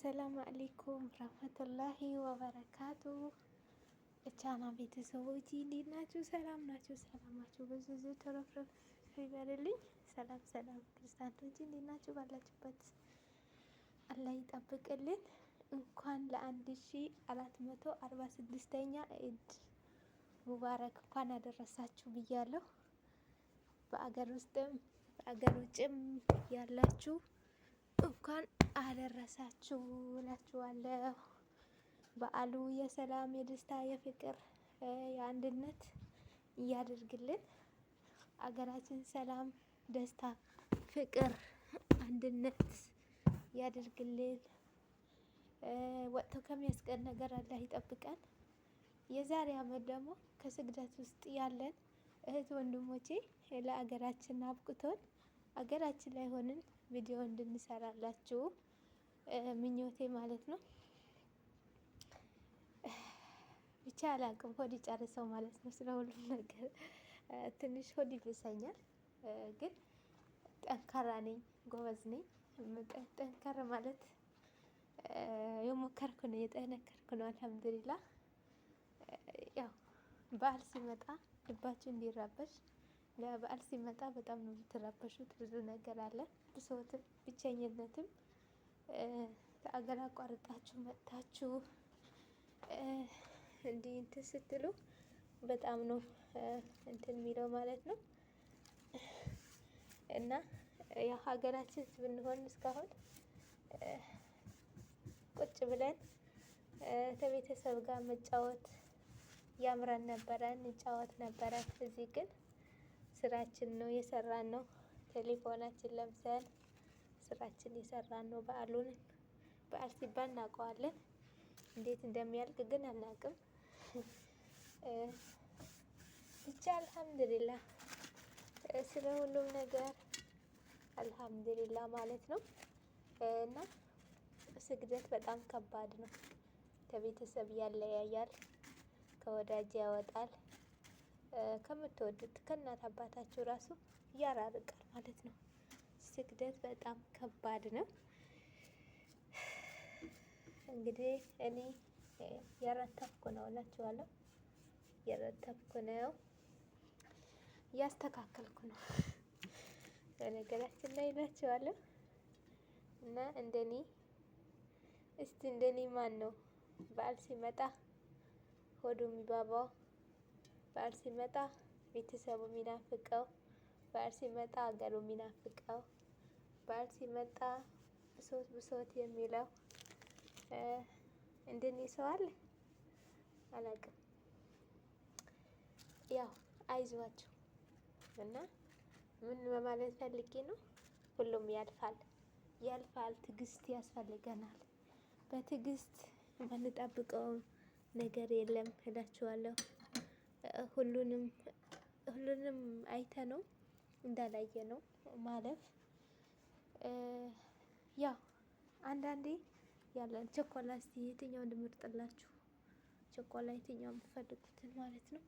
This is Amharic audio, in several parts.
አሰላሙ አሌይኩም ረህመቱላሂ ወበረካቱ። ቻና ቤተሰቦች እንዴት ናችሁ? ሰላም ናችሁ? ሰላማችሁ ብዙ ብዙ ትረፍረፍ ይበልልኝ። ሰላም ሰላም፣ ክርስቲያኖች እንዴት ናችሁ? ባላችሁበት አላህ ይጠብቅልን። እንኳን ለአንድ ሺ አራት መቶ አርባ ስድስተኛ ኢድ ሙባረክ እንኳን አደረሳችሁ ብያለሁ። በአገር ውስጥም በአገር ውጭም ያላችሁ እንኳን አደረሳችሁ እላችኋለሁ። በዓሉ የሰላም የደስታ፣ የፍቅር፣ የአንድነት እያደርግልን። አገራችን ሰላም፣ ደስታ፣ ፍቅር፣ አንድነት ያደርግልን። ወጥቶ ከሚያስቀን ነገር አላህ ይጠብቀን። የዛሬ አመት ደግሞ ከስግደት ውስጥ ያለን እህት ወንድሞቼ ለአገራችን አብቅቶን አገራችን ላይ ሆንን ቪዲዮ እንድንሰራላችሁ ምኞቴ ማለት ነው። ብቻ አላቅም ሆድ ጨርሰው ማለት ነው። ስለ ሁሉም ነገር ትንሽ ሆድ ይብሰኛል፣ ግን ጠንካራ ነኝ፣ ጎበዝ ነኝ። ጠንካራ ማለት የሞከርኩ ነው፣ የጠነከርኩ ነው። አልሐምዱሊላ ያው በዓል ሲመጣ ልባችሁ እንዲራበሽ ለበዓል ሲመጣ በጣም ነው የምትረበሹት። ብዙ ነገር አለ። ብሶትም፣ ብቸኝነትም ከአገር አቋርጣችሁ መጥታችሁ እንዲህ እንትን ስትሉ በጣም ነው እንትን የሚለው ማለት ነው። እና ያው ሀገራችን ብንሆን እስካሁን ቁጭ ብለን ከቤተሰብ ጋር መጫወት ያምረን ነበረ፣ እንጫወት ነበረ። እዚህ ግን ስራችን ነው የሰራን ነው። ቴሌፎናችን ለምሳሌ ስራችን የሰራን ነው። በዓሉን በዓል ሲባል እናውቀዋለን። እንዴት እንደሚያልቅ ግን አናውቅም። ብቻ አልሐምድሊላ ስለ ሁሉም ነገር አልሐምድሊላ ማለት ነው። እና ስግደት በጣም ከባድ ነው። ከቤተሰብ ያለያያል፣ ከወዳጅ ያወጣል። ከምትወዱት ከእናት አባታችሁ ራሱ ያራርቃል ማለት ነው። ስግደት በጣም ከባድ ነው። እንግዲህ እኔ የረተብኩ ነው እላችኋለሁ። የረተብኩ ነው፣ እያስተካከልኩ ነው በነገራችን ላይ እላችኋለሁ። እና እንደኔ እስቲ እንደኔ ማን ነው በዓል ሲመጣ ሆዱ የሚባባው በዓል ሲመጣ ቤተሰቡ የሚናፍቀው፣ በዓል ሲመጣ ሀገሩ የሚናፍቀው፣ በዓል ሲመጣ ብሶት ብሶት የሚለው እንደኔ ሰው አለ አላውቅም። ያው አይዟችሁ እና ምን በማለት ፈልጌ ነው፣ ሁሉም ያልፋል ያልፋል። ትዕግስት ያስፈልገናል። በትዕግስት የምንጠብቀው ነገር የለም እላችኋለሁ። ሁሉንም ሁሉንም አይተ ነው እንዳላየ ነው ማለፍ። ያው አንዳንዴ ያለን ቸኮላ፣ እስቲ የትኛውን ልምርጥላችሁ? ቸኮላ የትኛው የምትፈልጉትን ማለት ነው።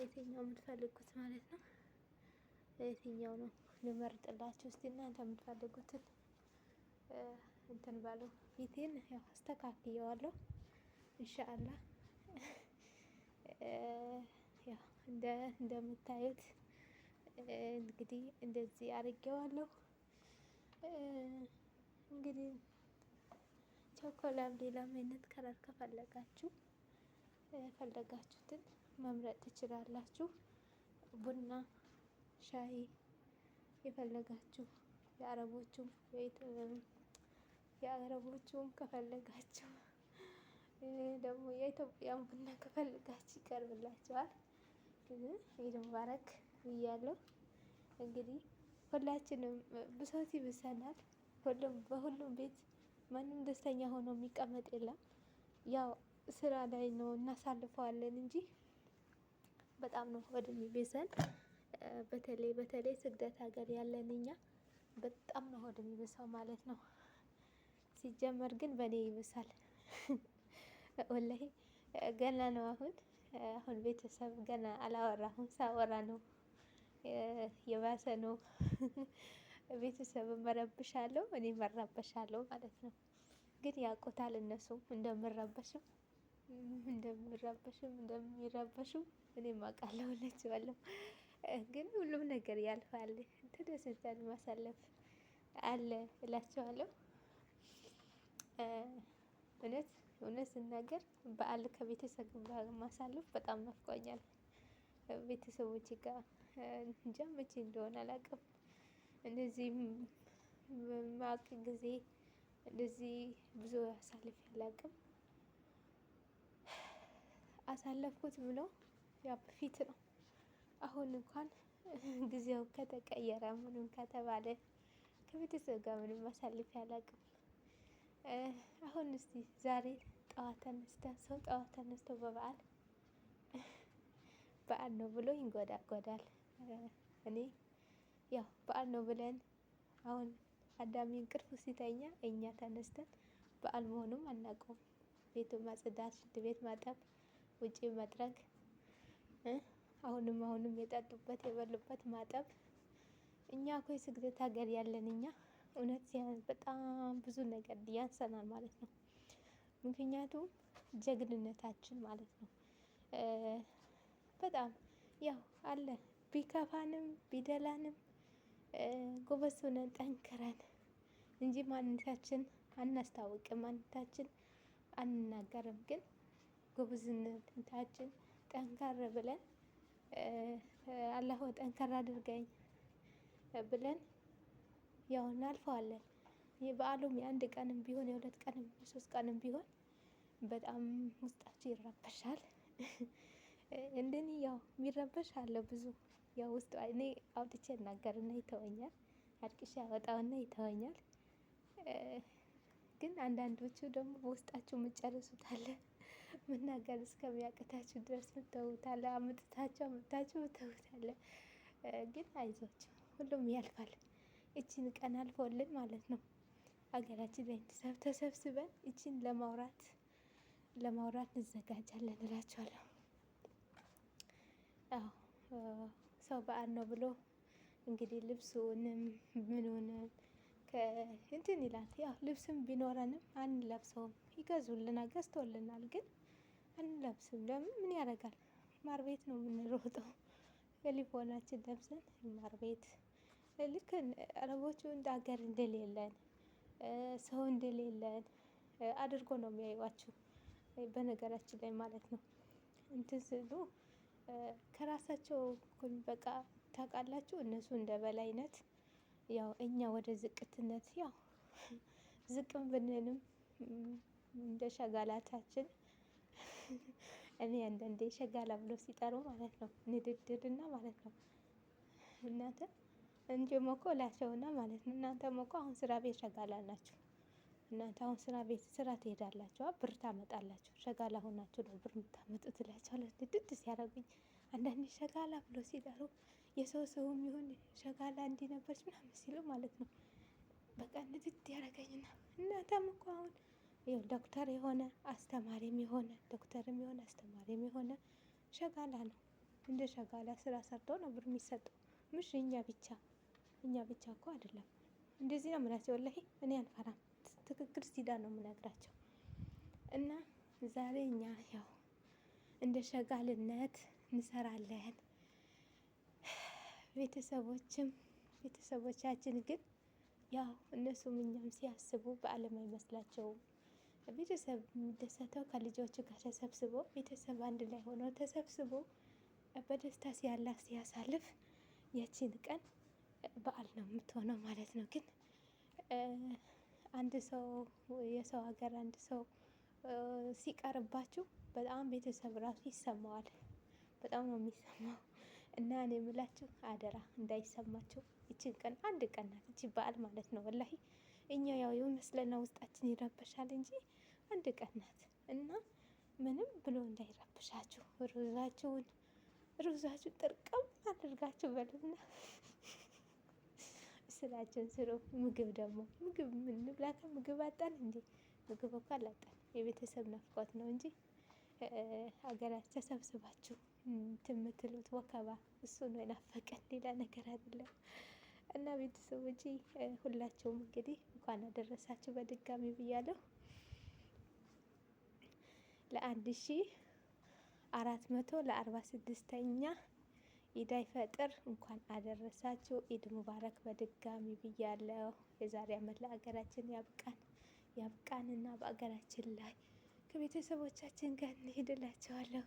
የትኛው የምትፈልጉት ማለት ነው። የትኛው ነው ልመርጥላችሁ? እስቲ እናንተ የምትፈልጉትን እንትን ባለው ፊቴን ያው አስተካክየዋለሁ ኢንሻአላህ እንደምታዩት እንግዲህ እንደዚህ አድርጌዋለሁ። እንግዲህ ቸኮላም ሌላም አይነት ከለር ከፈለጋችሁ የፈለጋችሁትን መምረጥ ትችላላችሁ። ቡና፣ ሻይ የፈለጋችሁ የአረቦቹም የአረቦቹም ከፈለጋችሁ ደግሞ የኢትዮጵያን ቡና ከፈልጋችሁ ይቀርብላችኋል። ኢድ ሙባረክ ብያለሁ። እንግዲህ ሁላችንም ብሶት ይብሰናል። ሁሉም በሁሉም ቤት ማንም ደስተኛ ሆኖ የሚቀመጥ የለም። ያው ስራ ላይ ነው እናሳልፈዋለን እንጂ በጣም ነው ሆድ የሚብሰን። በተለይ በተለይ ስግደት ሀገር ያለን እኛ በጣም ነው ሆድ የሚብሰው ማለት ነው። ሲጀመር ግን በእኔ ይብሳል። ወላሂ ገና ነው። አሁን አሁን ቤተሰብ ገና አላወራሁም። ሳወራ ነው የባሰ ነው። ቤተሰብ መረብሻለሁ፣ እኔ መረበሻለሁ ማለት ነው። ግን ያውቁታል እነሱ እንደምረበሽም እንደምረበሽም እንደሚረበሽም እኔም አውቃለሁ እላቸዋለሁ። ግን ሁሉም ነገር ያልፋል። ተደስታል ማሳለፍ አለ እላቸዋለሁ እውነት እውነት ስናገር በዓል ከቤተሰብ ጋር ማሳለፍ በጣም ናፍቆኛል። ቤተሰቦቼ ጋር እንጃ መቼ እንደሆነ አላውቅም። እንደዚህ ማቅ ጊዜ እንደዚህ ብዙ አሳልፌ አላውቅም። አሳለፍኩት ብለው ያ በፊት ነው። አሁን እንኳን ጊዜው ከተቀየረ ምንም ከተባለ ከቤተሰብ ጋር ምንም አሳልፌ አላውቅም። አሁን እስቲ ዛሬ ጠዋት ተነስተን ሰው ጠዋት ተነስቶ በበዓል በዓል ነው ብሎ ይንጎዳጎዳል። እኔ ያው በዓል ነው ብለን አሁን አዳሚ እንቅልፍ ሲተኛ እኛ ተነስተን በዓል መሆኑም አናውቀውም። ቤቱ ማጽዳት፣ ሽንት ቤት ማጠብ፣ ውጪ መጥረግ፣ አሁንም አሁንም የጠጡበት የበሉበት ማጠብ። እኛ እኮ የስግደት ሀገር ያለን እኛ እውነት በጣም ብዙ ነገር ያንሰናል ማለት ነው። ምክንያቱም ጀግንነታችን ማለት ነው። በጣም ያው አለ ቢከፋንም ቢደላንም ጎበዝ ሆነን ጠንክረን እንጂ ማንነታችን አናስታውቅም፣ ማንነታችን አንናገርም። ግን ጎበዝነታችን ጠንካራ ብለን አላህ ጠንካራ አድርገኝ ብለን ያው እናልፈዋለን። የበዓሉም የአንድ ቀንም ቢሆን የሁለት ቀንም የሶስት ቀንም ቢሆን በጣም ውስጣችን ይረበሻል። እንደኔ ያው የሚረበሽ አለ ብዙ ያው ውስጥ እኔ አውጥቼ እናገርና ይተወኛል፣ አድቅሻ ያወጣውና ይተወኛል። ግን አንዳንዶቹ ደግሞ በውስጣችሁ ምጨርሱታለ አለ መናገር እስከሚያቅታችሁ ድረስ ምተውታለ፣ አምጥታችሁ አምጥታችሁ ምተውታለ። ግን አይዟችሁ ሁሉም ያልፋል። እችን ቀን አልፎልን ማለት ነው። ሀገራችን ላይ ተሰብስበን እችን ለማውራት ለማውራት እንዘጋጃለን እላቸዋለሁ። አዎ ሰው በዓል ነው ብሎ እንግዲህ ልብሱንም ምኑንም እንትን ይላል። ያው ልብስም ቢኖረንም አንለብሰውም። ይገዙልና ገዝቶልናል፣ ግን አንለብስም። ለምን ምን ያደርጋል? ማር ቤት ነው የምንሮጠው። ቴሌፎናችን ለብሰን ማር ቤት ልክ አረቦቹ እንደ ሀገር እንደሌለን ሰው እንደሌለን አድርጎ ነው የሚያዩዋቸው። በነገራችን ላይ ማለት ነው እንትን ስሉ ከራሳቸው በቃ ታውቃላችሁ፣ እነሱ እንደ በላይነት ያው እኛ ወደ ዝቅትነት ያው ዝቅም ብንልም እንደ ሸጋላታችን እኔ አንዳንዴ ሸጋላ ብሎ ሲጠሩ ማለት ነው ንድድርና ማለት ነው እናንተ እንዲሁም እኮ እላቸውና ማለት ነው እናንተም እኮ አሁን ስራ ቤት ሸጋላ ናችሁ። እናንተ አሁን ስራ ቤት ስራ ትሄዳላችሁ፣ ብር ታመጣላችሁ። ሸጋላ ሆናችሁ ነው ብር የምታመጡት እላቸዋለሁ። ድድ ሲያደርጉኝ አንዳንዴ ሸጋላ ብሎ ሲጠሩ የሰው ሰውም ይሁን ሸጋላ እንዲህ ነበርሽ ምናምን ሲሉ ማለት ነው በቃ ንድድ ያደረገኝና እናንተም እኮ አሁን ይኸው ዶክተር የሆነ አስተማሪም የሆነ ዶክተርም የሆነ አስተማሪም የሆነ ሸጋላ ነው። እንደ ሸጋላ ስራ ሰርቶ ነው ብር የሚሰጠው ምሽኛ ብቻ እኛ ብቻ እኮ አይደለም። እንደዚህ ነው የምላቸው። ወላሂ እኔ አልፈራም። ትክክል ሲዳ ነው የምነግራቸው። እና ዛሬ እኛ ያው እንደ ሸጋልነት እንሰራለን። ቤተሰቦችም ቤተሰቦቻችን ግን ያው እነሱም እኛም ሲያስቡ በዓለም አይመስላቸውም። ቤተሰብ የሚደሰተው ከልጆቹ ጋር ተሰብስቦ ቤተሰብ አንድ ላይ ሆኖ ተሰብስቦ በደስታ ሲያላ ሲያሳልፍ ያቺን ቀን በዓል ነው የምትሆነው ማለት ነው። ግን አንድ ሰው የሰው ሀገር አንድ ሰው ሲቀርባችሁ በጣም ቤተሰብ ራሱ ይሰማዋል። በጣም ነው የሚሰማው። እና እኔ የምላችሁ አደራ እንዳይሰማችሁ። ይችን ቀን አንድ ቀን ናት ይቺ በዓል ማለት ነው። ወላሂ እኛ ያው የመስለና ውስጣችን ይረበሻል እንጂ አንድ ቀን ናት እና ምንም ብሎ እንዳይረብሻችሁ ሩዛችሁን ሩዛችሁ ጥርቅም አድርጋችሁ በሉና ስራችን ስሩ። ምግብ ደግሞ ምግብ ምን ብላታ ምግብ አጣን እንዴ? ምግብ እኮ አላጣን። የቤተሰብ ናፍቆት ነው እንጂ ሀገራት ተሰብስባችሁ የምትሉት ወከባ እሱ ነው የናፈቀን፣ ሌላ ነገር አይደለም። እና ቤተሰቦች ሁላችሁም እንግዲህ እንኳን አደረሳችሁ በድጋሚ ብያለሁ ለአንድ ሺ አራት መቶ ለአርባ ስድስተኛ ኢድ አይፈጥር እንኳን አደረሳችሁ። ኢድ ሙባረክ በድጋሚ ብያለሁ። የዛሬ ዓመት ለአገራችን ያብቃን እና በአገራችን ላይ ከቤተሰቦቻችን ጋር እንሄድላቸዋለሁ።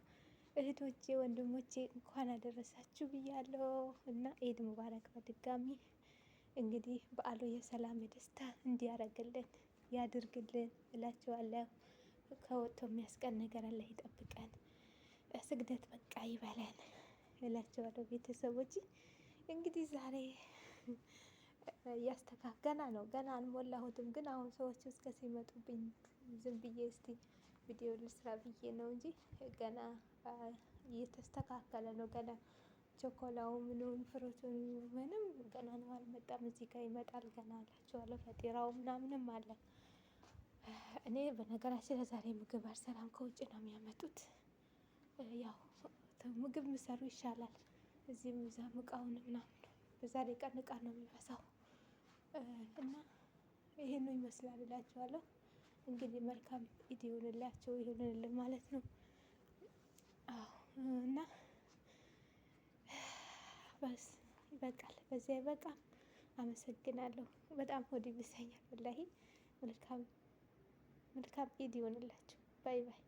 እህቶቼ ወንድሞቼ እንኳን አደረሳችሁ ብያለሁ እና ኢድ ሙባረክ በድጋሚ እንግዲህ በዓሉ የሰላም የደስታ እንዲያረግልን ያድርግልን እላቸዋለሁ። ከወጥቶ የሚያስቀን ነገር አለ ይጠብቀን። ስግደት በቃ ይበለን። እላቸዋለሁ። ቤተሰቦች እንግዲህ ዛሬ ያስተካክ ገና ነው ገና አልሞላሁትም፣ ግን አሁን ሰዎች እስከ ሲመጡብኝ ዝም ብዬ እስቲ ቪዲዮ ልስራ ብዬ ነው እንጂ ገና እየተስተካከለ ነው። ገና ቸኮላው ምንም ፍሩቱን ምንም ገና ነው አልመጣም። እዚህ ጋር ይመጣል ገና አላቸዋለሁ። ፈጢራው ምናምንም አለ። እኔ በነገራችን ለዛሬ ምግብ አልሰራም፣ ከውጭ ነው የሚያመጡት ያው ተው ምግብ ምሰሩ ይሻላል። እዚህም እዛም እቃውን ምናምን በዛ ላይ ቀን እቃ ነው የሚበዛው እና ይሄን ይመስላል እላችኋለሁ። እንግዲህ መልካም ኢድ ይሆንላቸው ይሆንልን ማለት ነው። አዎ እና በስ ይበቃል፣ በዚያ ይበቃል። አመሰግናለሁ። በጣም ሆድ ይብሰኛል ወላሂ። መልካም መልካም ኢድ ይሆንላችሁ። ባይ ባይ